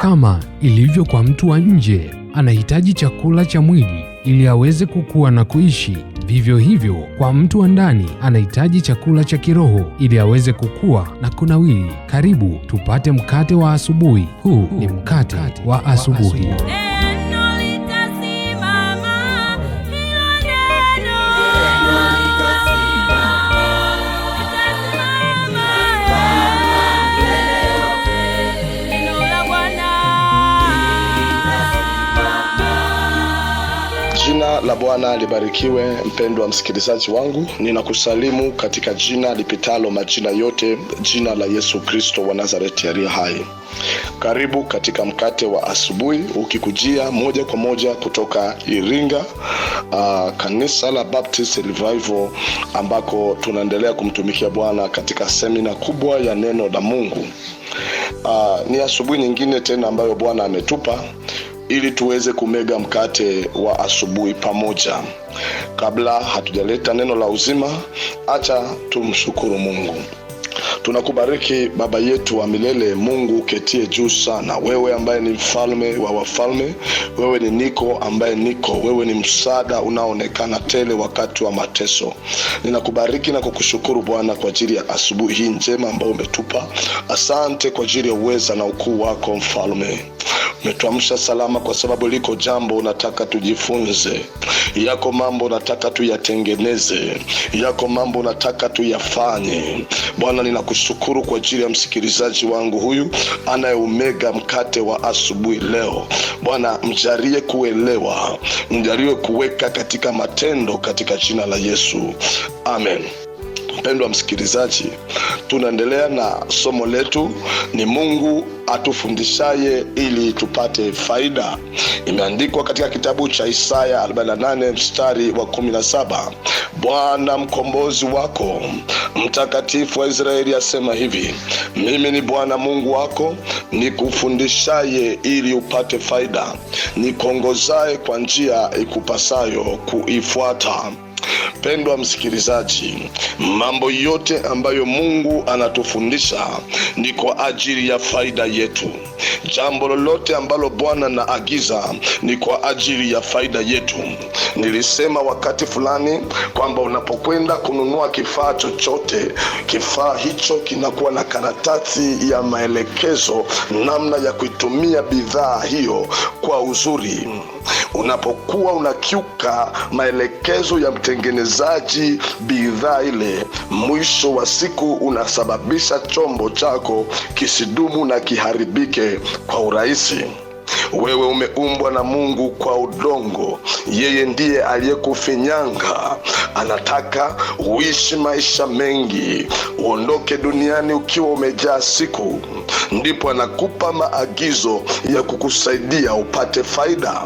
Kama ilivyo kwa mtu wa nje, anahitaji chakula cha mwili ili aweze kukua na kuishi, vivyo hivyo kwa mtu wa ndani anahitaji chakula cha kiroho ili aweze kukua na kunawili. Karibu tupate mkate wa asubuhi. Huu ni mkate wa asubuhi. Bwana libarikiwe. Mpendwa msikilizaji wangu, ninakusalimu katika jina lipitalo majina yote, jina la Yesu Kristo wa Nazareti aliye hai. Karibu katika mkate wa asubuhi, ukikujia moja kwa moja kutoka Iringa, uh, kanisa la Baptist Revival, ambako tunaendelea kumtumikia Bwana katika semina kubwa ya neno la Mungu. Uh, ni asubuhi nyingine tena ambayo Bwana ametupa ili tuweze kumega mkate wa asubuhi pamoja. Kabla hatujaleta neno la uzima, acha tumshukuru Mungu. Tunakubariki Baba yetu wa milele, Mungu uketie juu sana, wewe ambaye ni mfalme wa wafalme, wewe ni niko ambaye niko, wewe ni msaada unaoonekana tele wakati wa mateso. Ninakubariki na kukushukuru Bwana kwa ajili ya asubuhi hii njema ambayo umetupa. Asante kwa ajili ya uweza na ukuu wako, mfalme umetuamsha salama, kwa sababu liko jambo unataka tujifunze. Yako mambo unataka tuyatengeneze, yako mambo unataka tuyafanye. Bwana, ninakushukuru kwa ajili ya msikilizaji wangu huyu anayeumega mkate wa asubuhi leo. Bwana, mjalie kuelewa, mjalie kuweka katika matendo, katika jina la Yesu, amen. Mpendwa msikilizaji, tunaendelea na somo letu, ni Mungu atufundishaye ili tupate faida. Imeandikwa katika kitabu cha Isaya 48 mstari wa 17, Bwana mkombozi wako mtakatifu wa Israeli asema hivi, mimi ni Bwana Mungu wako nikufundishaye ili upate faida, nikuongozaye kwa njia ikupasayo kuifuata. Mpendwa msikilizaji, mambo yote ambayo Mungu anatufundisha ni kwa ajili ya faida yetu. Jambo lolote ambalo Bwana naagiza ni kwa ajili ya faida yetu. Nilisema wakati fulani kwamba unapokwenda kununua kifaa chochote, kifaa hicho kinakuwa na karatasi ya maelekezo, namna ya kuitumia bidhaa hiyo kwa uzuri. Unapokuwa unakiuka maelekezo ya mtengenezaji bidhaa ile, mwisho wa siku unasababisha chombo chako kisidumu na kiharibike kwa urahisi. Wewe umeumbwa na Mungu kwa udongo, yeye ndiye aliyekufinyanga. Anataka uishi maisha mengi, uondoke duniani ukiwa umejaa siku. Ndipo anakupa maagizo ya kukusaidia upate faida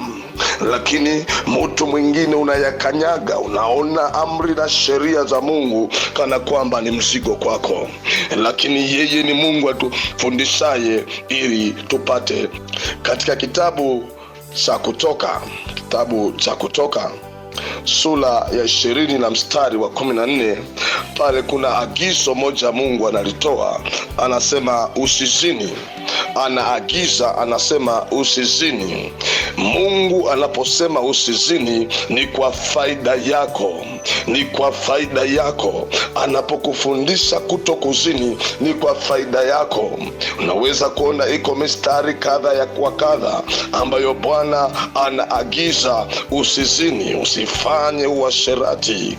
lakini mtu mwingine unayakanyaga. Unaona amri na sheria za Mungu kana kwamba ni mzigo kwako, lakini yeye ni Mungu atufundishaye ili tupate. Katika kitabu cha Kutoka, kitabu cha Kutoka sura ya ishirini na mstari wa kumi na nne pale kuna agizo moja Mungu analitoa, anasema usizini. Anaagiza, anasema usizini. Mungu anaposema usizini, ni kwa faida yako, ni kwa faida yako. Anapokufundisha kuto kuzini, ni kwa faida yako. Unaweza kuona iko mistari kadha ya kwa kadha ambayo Bwana anaagiza usizini, usifanye uasherati.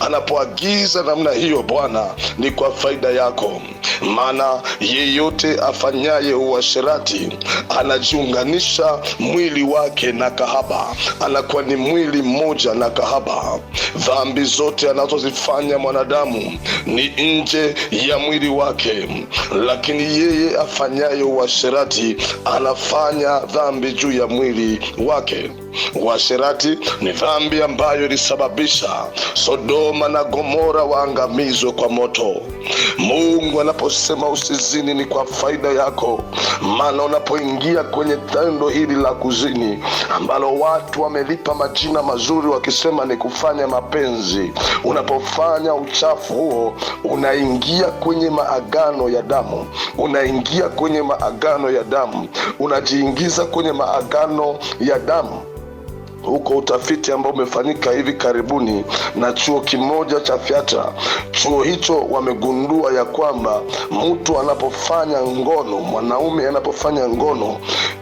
Anapoagiza namna hiyo, Bwana ni kwa faida yako maana yeyote afanyaye uasherati anajiunganisha mwili wake na kahaba, anakuwa ni mwili mmoja na kahaba. Dhambi zote anazozifanya mwanadamu ni nje ya mwili wake, lakini yeye afanyaye uasherati anafanya dhambi juu ya mwili wake. Uasherati ni dhambi ambayo ilisababisha Sodoma na Gomora waangamizwe kwa moto. Mungu anaposema usizini, ni kwa faida yako, maana unapoingia kwenye tendo hili la kuzini ambalo watu wamelipa majina mazuri wakisema ni kufanya mapenzi, unapofanya uchafu huo, unaingia kwenye maagano ya damu, unaingia kwenye maagano ya damu, unajiingiza kwenye maagano ya damu huko utafiti ambao umefanyika hivi karibuni na chuo kimoja cha fyata chuo hicho wamegundua ya kwamba mtu anapofanya ngono mwanaume anapofanya ngono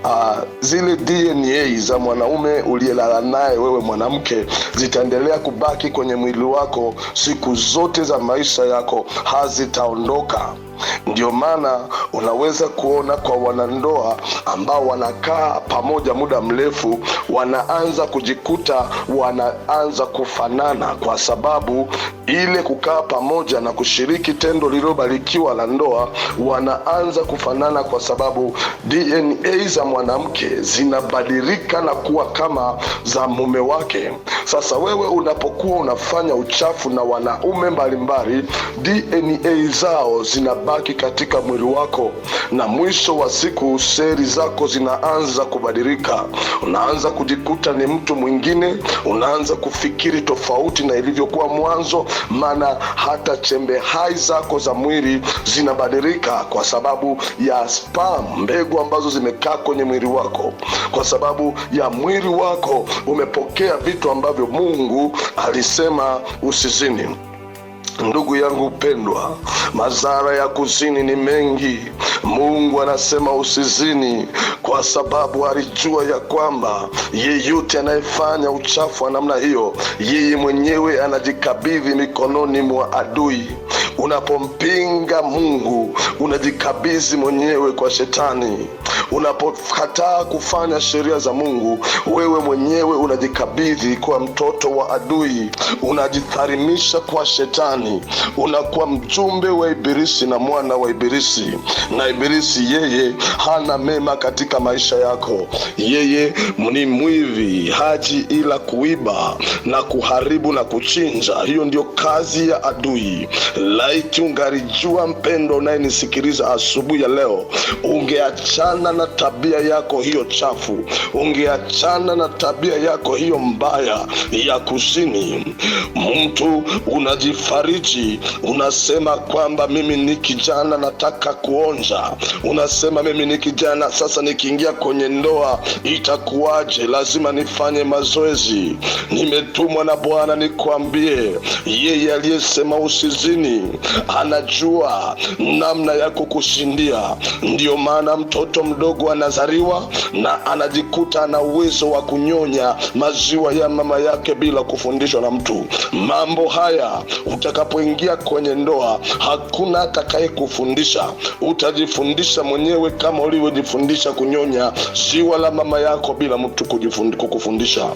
uh, zile dna za mwanaume uliyelala naye wewe mwanamke zitaendelea kubaki kwenye mwili wako siku zote za maisha yako hazitaondoka ndio maana unaweza kuona kwa wanandoa ambao wanakaa pamoja muda mrefu, wanaanza kujikuta wanaanza kufanana, kwa sababu ile kukaa pamoja na kushiriki tendo lililobarikiwa la ndoa, wanaanza kufanana kwa sababu DNA za mwanamke zinabadilika na kuwa kama za mume wake. Sasa wewe unapokuwa unafanya uchafu na wanaume mbalimbali, DNA zao zina zinabaki katika mwili wako, na mwisho wa siku seli zako zinaanza kubadilika. Unaanza kujikuta ni mtu mwingine, unaanza kufikiri tofauti na ilivyokuwa mwanzo, maana hata chembe hai zako za mwili zinabadilika kwa sababu ya spam, mbegu ambazo zimekaa kwenye mwili wako. Kwa sababu ya mwili wako umepokea vitu ambavyo Mungu alisema usizini. Ndugu yangu pendwa, madhara ya kuzini ni mengi. Mungu anasema usizini, kwa sababu alijua ya kwamba yeyote anayefanya uchafu wa namna hiyo, yeye mwenyewe anajikabidhi mikononi mwa adui. Unapompinga Mungu unajikabidhi mwenyewe kwa Shetani. Unapokataa kufanya sheria za Mungu, wewe mwenyewe unajikabidhi kwa mtoto wa adui, unajitharimisha kwa Shetani, unakuwa mjumbe wa Ibilisi na mwana wa Ibilisi. Na Ibilisi yeye hana mema katika maisha yako, yeye ni mwivi, haji ila kuiba na kuharibu na kuchinja. Hiyo ndiyo kazi ya adui la laiti ungalijua, mpendo unayenisikiliza asubuhi ya leo, ungeachana na tabia yako hiyo chafu, ungeachana na tabia yako hiyo mbaya ya kusini Mtu unajifariji, unasema kwamba mimi ni kijana, nataka kuonja. Unasema mimi ni kijana, sasa nikiingia kwenye ndoa itakuwaje? Lazima nifanye mazoezi. Nimetumwa na Bwana nikwambie, yeye aliyesema usizini anajua namna ya kukushindia. Ndiyo maana mtoto mdogo anazariwa na anajikuta na uwezo wa kunyonya maziwa ya mama yake bila kufundishwa na mtu. Mambo haya utakapoingia kwenye ndoa, hakuna atakayekufundisha, utajifundisha mwenyewe kama ulivyojifundisha kunyonya siwa la mama yako bila mtu kukufundisha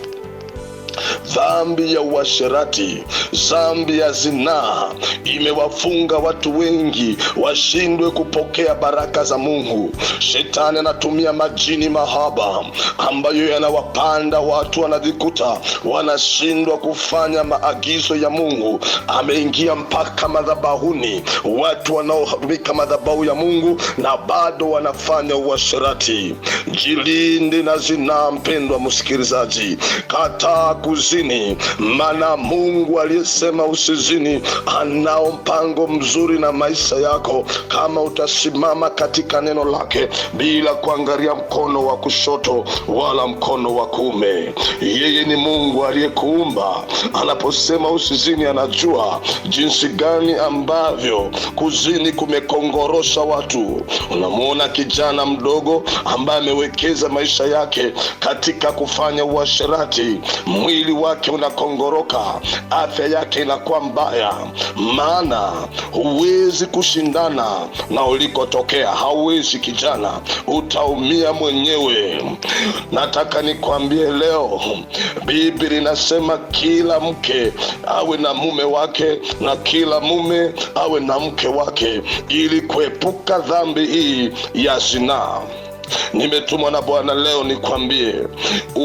dhambi ya uasherati, dhambi ya zinaa imewafunga watu wengi washindwe kupokea baraka za Mungu. Shetani anatumia majini mahaba ambayo yanawapanda watu, wanajikuta wanashindwa kufanya maagizo ya Mungu. Ameingia mpaka madhabahuni, watu wanaohamika madhabahu ya Mungu na bado wanafanya uasherati. Jilinde na zinaa, mpendwa msikilizaji, kataa kuzi usizini, maana Mungu aliyesema usizini anao mpango mzuri na maisha yako, kama utasimama katika neno lake bila kuangalia mkono wa kushoto wala mkono wa kuume. Yeye ni Mungu aliyekuumba. Anaposema usizini, anajua jinsi gani ambavyo kuzini kumekongorosha watu. Unamwona kijana mdogo ambaye amewekeza maisha yake katika kufanya uasherati mwili wake unakongoroka, afya yake inakuwa mbaya, maana huwezi kushindana na ulikotokea. Hauwezi kijana, utaumia mwenyewe. Nataka nikwambie leo, Biblia inasema kila mke awe na mume wake na kila mume awe na mke wake, ili kuepuka dhambi hii ya zinaa. Nimetumwa na Bwana leo nikwambie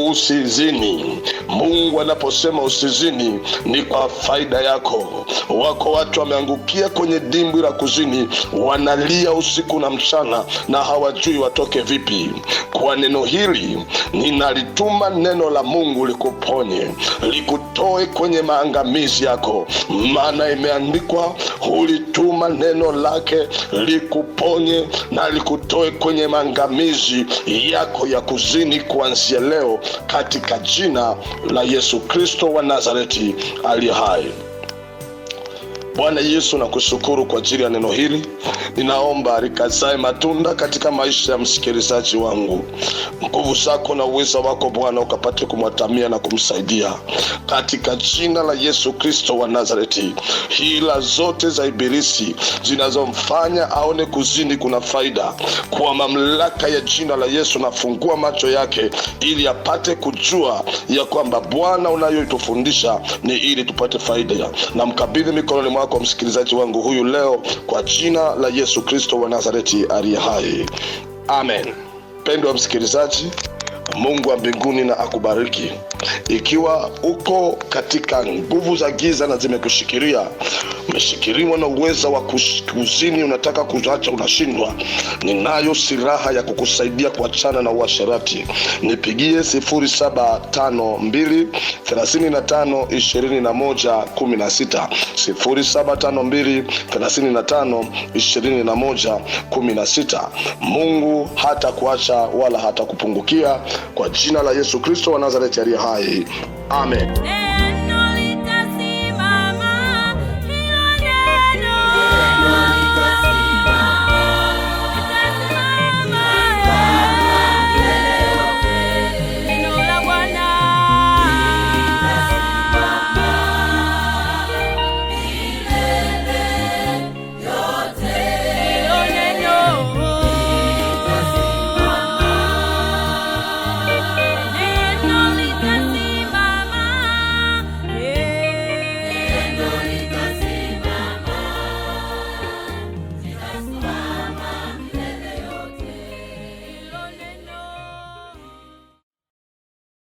usizini. Mungu anaposema usizini ni kwa faida yako. Wako watu wameangukia kwenye dimbwi la kuzini, wanalia usiku na mchana na hawajui watoke vipi. Kwa neno hili ninalituma neno la Mungu likuponye, likutoe kwenye maangamizi yako, maana imeandikwa, hulituma neno lake likuponye na likutoe kwenye maangamizi maangamizi yako ya kuzini kuanzia leo katika jina la Yesu Kristo wa Nazareti aliye hai. Bwana Yesu, nakushukuru kwa ajili ya neno hili, ninaomba likazae matunda katika maisha ya msikilizaji wangu. Nguvu zako na uwezo wako Bwana ukapate kumwatamia na kumsaidia katika jina la Yesu Kristo wa Nazareti. Hila zote za Ibilisi zinazomfanya aone kuzini kuna faida, kwa mamlaka ya jina la Yesu nafungua macho yake ili apate kujua ya kwamba Bwana unayoitufundisha ni ili tupate faida, na mkabidhi mikononi mwako kwa msikilizaji wangu huyu leo kwa jina la Yesu Kristo wa Nazareti aliye hai, amen. Mpendwa msikilizaji, Mungu wa mbinguni na akubariki. Ikiwa uko katika nguvu za giza na zimekushikiria, umeshikiliwa na uweza wa kuzini, unataka kuacha, unashindwa, ninayo silaha ya kukusaidia kuachana na uasherati. Nipigie 0752352116 35 Mungu hatakuacha wala hatakupungukia kwa jina la Yesu Kristo wa Nazareti aliye hai, amen.